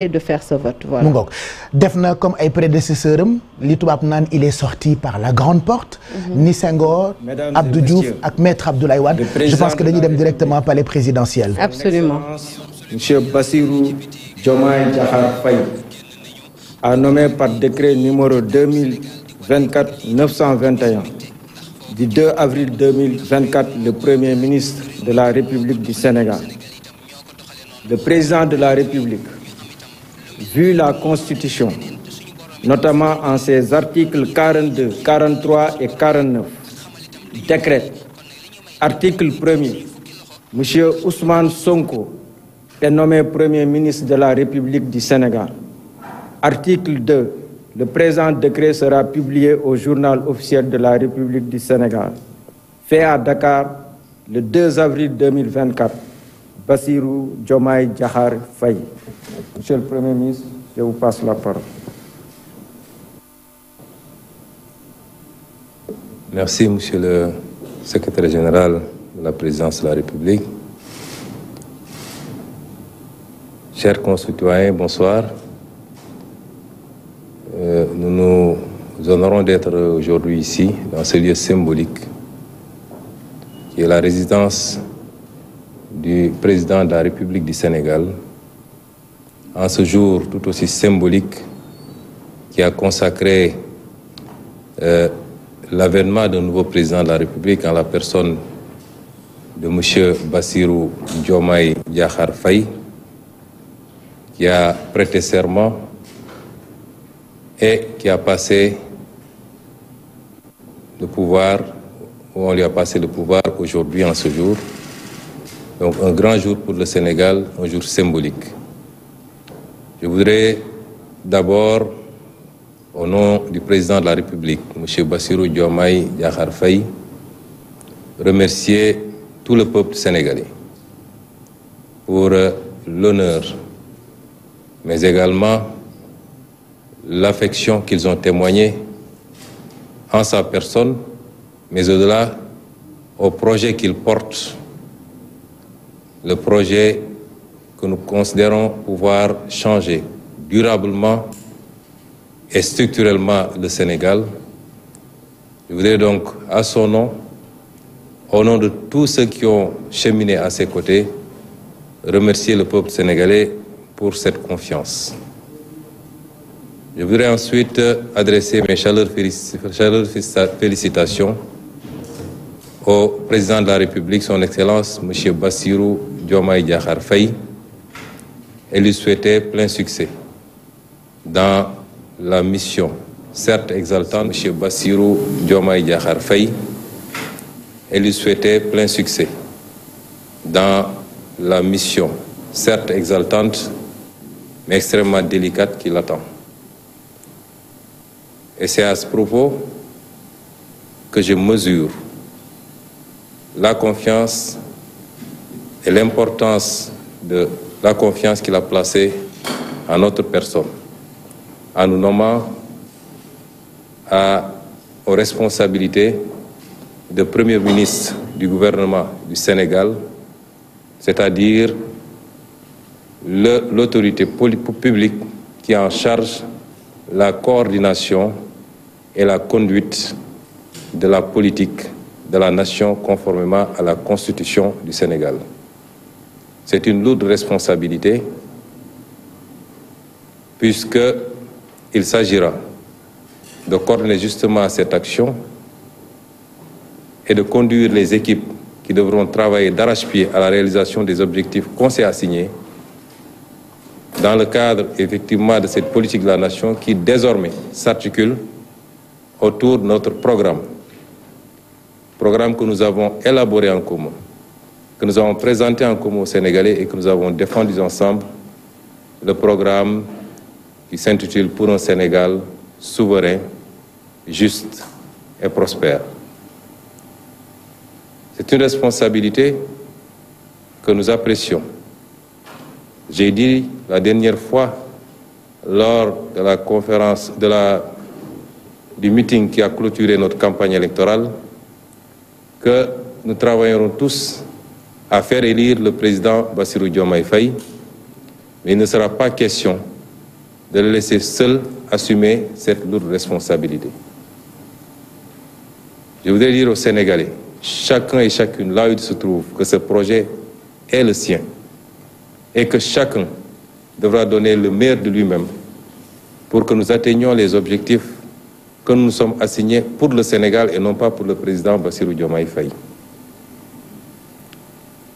et de faire ce vote voilà. mu ngoog def na comme ay prédécesseur am li tubaab naan il est sorti par la grande porte. Mhm. ni Senghor Abdou Diouf ak maître Abdoulaye Wade. je pense que dañuy dem directement palais présidentiel. absolument. monsieur Bassirou Diomaye Diakhar Faye a nommé par décret numéro 2024 921 du 2 avril 2024 le premier ministre de la République du Sénégal. président de la République vu la Constitution, notamment en ses articles 42, 43 et 49, décrète, article 1er, M. Ousmane Sonko est nommé Premier ministre de la République du Sénégal. Article 2, le présent décret sera publié au journal officiel de la République du Sénégal, fait à Dakar le 2 avril 2024. Bassirou Diomaye Diakhar Faye. Monsieur le Premier Merci, Monsieur le Secrétaire général de la Présidence de la République. Chers concitoyens, bonsoir. Euh, nous nous honorons d'être aujourd'hui ici, dans ce lieu symbolique, qui est la résidence du président de la République du Sénégal en ce jour tout aussi symbolique qui a consacré euh, l'avènement d'un nouveau président de la République en la personne de monsieur Bassirou Diomaye Diakhar Faye qui a prêté serment et qui a passé le pouvoir, ou on lui a passé le pouvoir aujourd'hui en ce jour. Donc un grand jour pour le Sénégal, un jour symbolique. Je voudrais d'abord, au nom du président de la République, M. Bassirou Diomaye Diakhar fay remercier tout le peuple sénégalais pour euh, l'honneur, mais également l'affection qu'ils ont témoignée en sa personne, mais au-delà au projet qu'il porte le projet que nous considérons pouvoir changer durablement et structurellement le Sénégal. Je voudrais donc, à son nom, au nom de tous ceux qui ont cheminé à ses côtés, remercier le peuple sénégalais pour cette confiance. Je voudrais ensuite adresser mes chaleureuses félicitations au président de la République, son Excellence, M. Bassirou Diomaye Diakhar Faye, et lui souhaiter plein succès dans la mission, certes exaltante, M. Bassirou Diomaye Diakhar Faye, et lui souhaiter plein succès dans la mission, certes exaltante, mais extrêmement délicate qui l'attend. Et c'est à ce propos que je mesure la confiance et l'importance de la confiance qu'il a placée en notre personne, en nous nommant à, aux responsabilités de Premier ministre du gouvernement du Sénégal, c'est-à-dire l'autorité publique qui en charge la coordination et la conduite de la politique de la nation conformément à la Constitution du Sénégal. C'est une lourde responsabilité puisqu'il s'agira de coordonner justement cette action et de conduire les équipes qui devront travailler d'arrache-pied à la réalisation des objectifs qu'on s'est assignés dans le cadre effectivement de cette politique de la nation qui désormais s'articule autour de notre programme programme que nous avons élaboré en commun, que nous avons présenté en commun aux Sénégalais et que nous avons défendu ensemble, le programme qui s'intitule Pour un Sénégal souverain, juste et prospère. C'est une responsabilité que nous apprécions. J'ai dit la dernière fois, lors de la conférence, de la, du meeting qui a clôturé notre campagne électorale, que nous travaillerons tous à faire élire le président Bassirou Diomaye Faye, mais il ne sera pas question de le laisser seul assumer cette lourde responsabilité. Je voudrais dire aux Sénégalais, chacun et chacune, là où il se trouve, que ce projet est le sien et que chacun devra donner le meilleur de lui-même pour que nous atteignions les objectifs que nous sommes assignés pour le Sénégal et non pas pour le président Bassirou Diomaye Faye.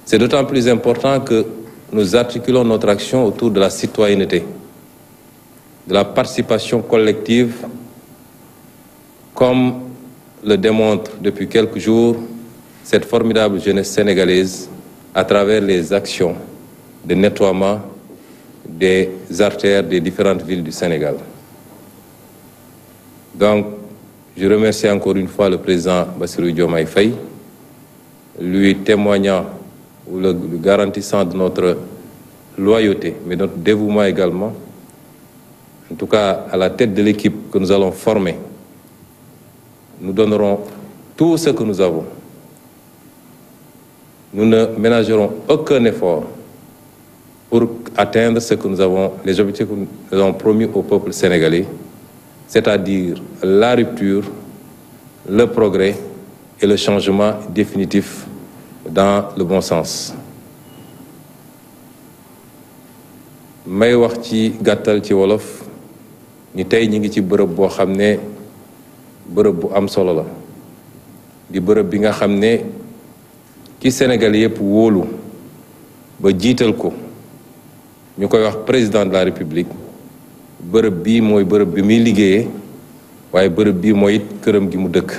C'est d'autant plus important que nous articulons notre action autour de la citoyenneté, de la participation collective, comme le démontre depuis quelques jours cette formidable jeunesse sénégalaise à travers les actions de nettoiement des artères des différentes villes du Sénégal. Donc, je remercie encore une fois le président Bassirou Diomaye Faye, lui témoignant ou le, le garantissant de notre loyauté, mais notre dévouement également, en tout cas à la tête de l'équipe que nous allons former. Nous donnerons tout ce que nous avons. Nous ne ménagerons aucun effort pour atteindre ce que nous avons, les objectifs que nous avons promis au peuple sénégalais. c'est-à-dire la rupture, le progrès et le changement définitif dans le bon sens. may wax ci gàttal ci wolof ñi tey ñi ngi ci bërëb boo xam ne bërëb bu am solo la di bërëb bi nga xam ne ki Sénégal yépp wóolu ba jiital ko ñu koy wax président de la République bërëb bii mooy bërëb bi muy liggéeye waaye bërëb bii mooy it këram gi mu dëkk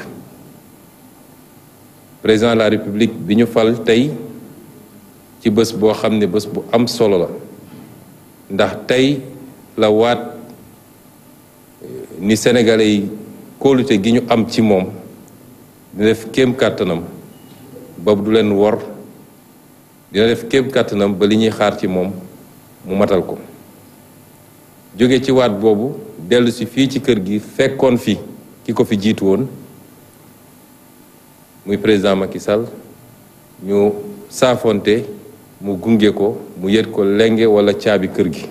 président la république bi ñu fal tey ci bés boo xam ne bés bu am solo la ndax tey la waat ni sénégalais yi kóolute gi ñu am ci moom dina def kem kàttanam ba du leen wor dina def kem kàttanam ba li ñuy xaar ci moom mu matal ko jóge ci waat boobu dellusi fii ci kër gi fekkoon fi ki ko fi jiitu woon muy président Macky Sall ñu saafonte mu gunge ko mu yët ko lenge wala caabi kër gi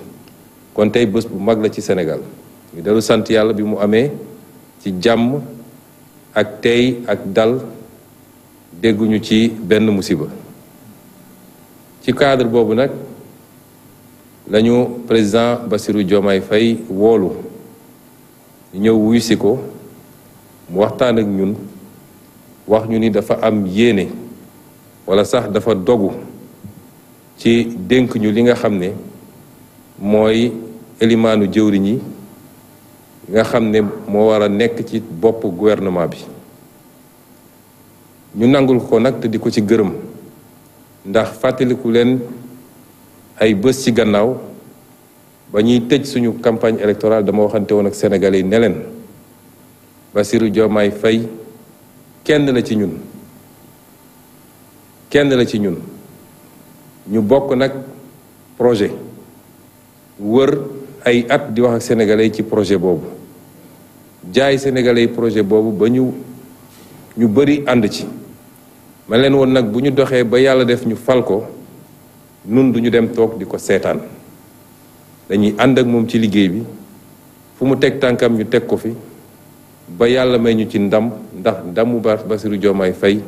kon tey bés bu mag la ci senegal ñu dellu sant yàlla bi mu amee ci jàmm ak tey ak dal dégguñu ci benn musiba ci cadre boobu nag lañu président Bassirou Diomaye fay woolu ñëw wuy si ko mu waxtaan ak ñun wax ñu ni dafa am yéene wala sax dafa dogu ci dénk ñu li nga xam ne mooy élimaanu jëwriñ yi nga xam ne moo war a nekk ci bopp gouvernement bi ñu nangul ko nag te di ko ci gërëm ndax fàttaliku leen ay bés ci gannaaw ba ñuy tëj suñu campagne électorale dama waxante woon ak sénégalais yi ne leen Bassirou Diomaye Faye kenn la ci ñun kenn la ci ñun ñu bokk nag projet wër ay at di wax ak sénégalais yi ci projet boobu jaay sénégalais yi projet boobu ba ñu ñu bëri ànd ci ma leen woon nag bu ñu doxee ba yàlla def ñu fal ko nun duñu dem toog di ko seetaan dañuy ànd ak moom ci liggéey bi fu mu teg tànkam ñu teg ko fi ba yàlla may ñu ci ndam ndax ndamu Bassirou Diomaye fay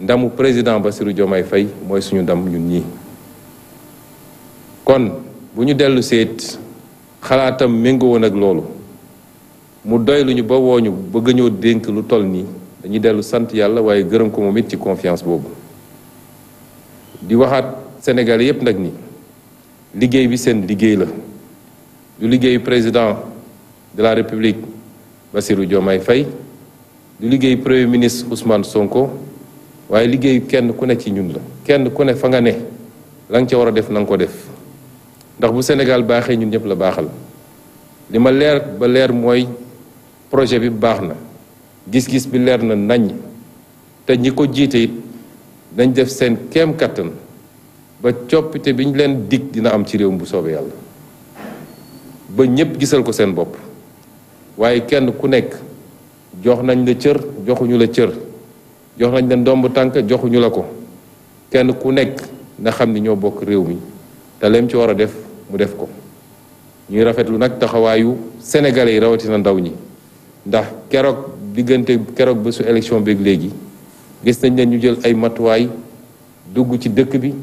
ndamu président Bassirou Diomaye fay mooy suñu ndam ñun nii kon bu ñu dellu seet xalaatam méngoo woon ak loolu mu doy luñu ba wooñu bëgg ñoo dénk lu toll nii dañuy dellu sant yàlla waaye gërëm ko moom mit ci confiance boobu di waxaat Sénégalais yépp nag ni liggéey bi seen liggéey la du liggéeyu président de la République Bassirou Diomaye Faye du liggéeyu premier ministre Ousmane Sonko waaye liggéeyu kenn ku ne ci ñun la kenn ku ne fa nga ne la nga ca war a def na ko def ndax bu Sénégal baaxee ñun ñëpp la baaxal li ma leer ba leer mooy projet bi baax na gis-gis bi leer na nañ te ñi ko jiite it dañ def seen kem kattan ba coppite bi ñu leen dikk dina am ci réew mi bu soobee yàlla ba ñépp gisal ko seen bopp waaye kenn ku nekk jox nañ la cër joxuñu la cër jox nañ la ndomb tànk joxuñu la ko kenn ku nekk na xam ni ñoo bokk réew mi te leem ci war a def mu def ko ñuy rafetlu nag taxawaayu sénégalais yi rawatina ndaw ñi ndax keroog diggante keroog bésu élection beeg léegi gis nañ leen ñu jël ay matuwaay dugg ci dëkk bi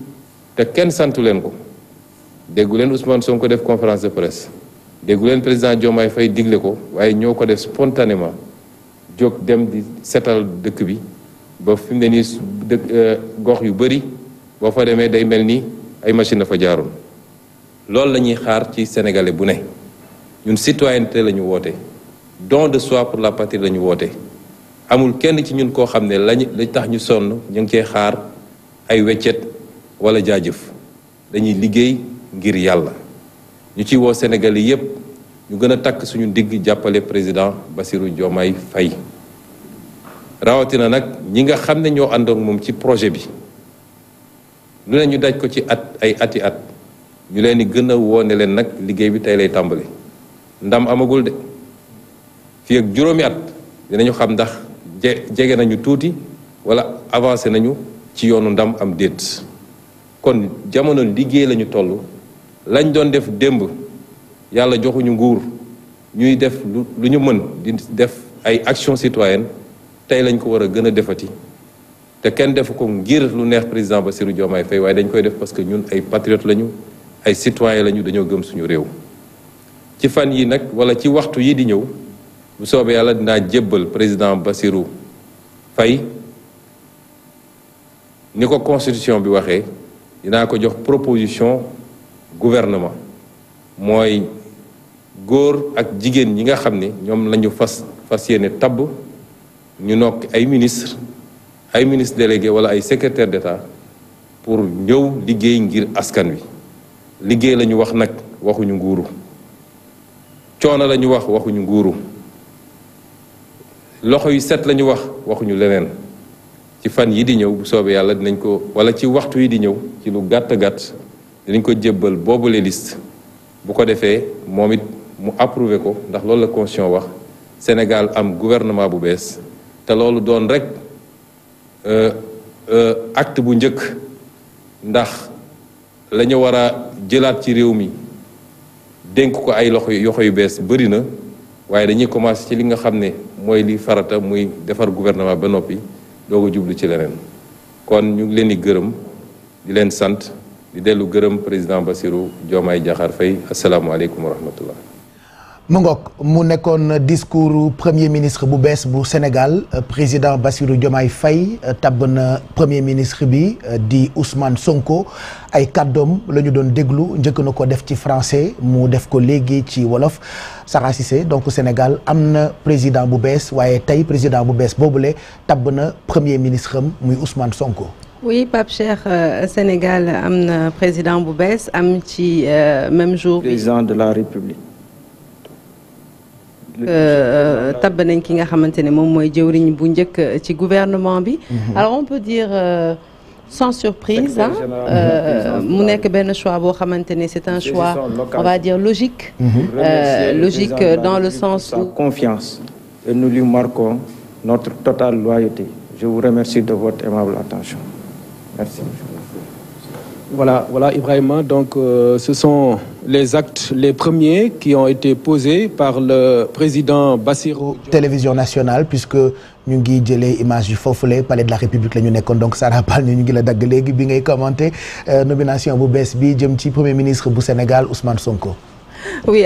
te kenn santu leen ko déggu leen Ousmane ko def conférence de presse déggu leen président Diomaye fay digle ko waaye ñoo ko def spontanément jóg dem di setal dëkk bi ba fi mu ne nii dëkk euh, gox yu bëri boo fa demee day mel ni ay machine dafa jaaroon loolu lañuy xaar ci sénégalais bu ne ñun citoyenneté la ñu woote don de soi pour la patrie lañu woote amul kenn ci ñun koo xam ne lañ lañ tax ñu sonn ñu ngi cee xaar ay weccet wala jaajëf dañuy liggéey ngir yàlla ñu ci woo Sénégal yi yépp ñu gën a takk suñu ndigg jàppale président Bassirou Diomaye Faye rawatina nag ñi nga xam ne ñoo ànd ak moom ci projet bi lu ne ñu daj ko ci at ay ati at ñu leen di gën a woone leen nag liggéey bi tey lay tàmbali ndam amagul de fii ak juróomi at dinañu xam ndax jege nañu tuuti wala avancé nañu ci yoonu ndam am déet kon jamono liggéey lañu toll lañ doon def démb yàlla joxuñu nguur ñuy def lu lu ñu mën di def ay action citoyenne tey lañ ko war a gën a defati te kenn defu ko ngir lu neex président Bassirou Diomaye Faye waaye dañ koy def parce que ñun ay patriotes lañu ay citoyens lañu dañoo gëm suñu réew. ci fan yi nag wala ci waxtu yi di ñëw bu soobee yàlla dinaa jébbal président Bassirou Faye ni ko constitution bi waxee. dinaa ko jox proposition gouvernement mooy góor ak jigéen ñi nga xam ni ñoom lañu fas fas yéene tabb ñu nokk ay ministre ay ministre délégué wala ay secrétaire d'État pour ñëw liggéey ngir askan wi liggéey lañu wax nag waxuñu nguuru coono lañu wax waxuñu nguuru loxo yu set lañu wax waxuñu leneen ci fan yi di ñëw bu soobee yàlla dinañ ko wala ci waxtu yi di ñëw ci lu gàtt gàtt dinañ ko jébbal boobule liste bu ko defee moom it mu approuvé ko ndax loolu la constitution wax Sénégal am gouvernement bu bees te loolu doon rek euh, euh, act bu njëkk ndax lañu ñu war a jëlaat ci réew mi dénk ko ay loxo yoxo yu bees bëri na waaye dañuy commencé ci li nga xam ne mooy li farata muy defar gouvernement ba noppi doo ko jublu ci leneen kon ñu ngi leen di gërëm di leen sant di dellu gërëm président Bassirou Diomaye Diakhar fay asalaamualeykum wa rahmatullah mu mu nekkoon discours premier ministre bu bees bu Sénégal euh, président Bassirou Diomaye fay euh, tabb na premier ministre bi euh, di Ousmane Sonko ay kàddoom la ñu doon déglu njëkk na ko def ci français mu def ko léegi ci wolof Sara Cissé donc Sénégal am na président bu bees waaye tey président bu bees boobule tabb na premier ministre am muy Ousmane Sonko. oui Pape Cheikh euh, Sénégal am na président bu bees am ci euh, même jour. président de la République. Euh, tabb nañ ki nga xamante ne moom mooy jëwriñ bu njëkk euh, ci gouvernement bi mhm. alors on peut dire euh, sans surprise mhm. mu nekk benn choi boo xamante ne c'est un choix on va dire logique mhm. dans le sens où confiance et nous notre totale loyauté je vous remercie de votre aimable attention voilà Ibrahima donc euh, les actes, les premiers qui ont été posés par le président Bassirou. Télévision nationale puisque ñu ngi jëlee image yi foofule palais de la république la ñu nekkoon donc Sara Pal ñu ngi la dagg léegi bi ngay commenté euh, nomination bu bees bi jëm ci premier ministre bu Sénégal Ousmane Sonko. Oui.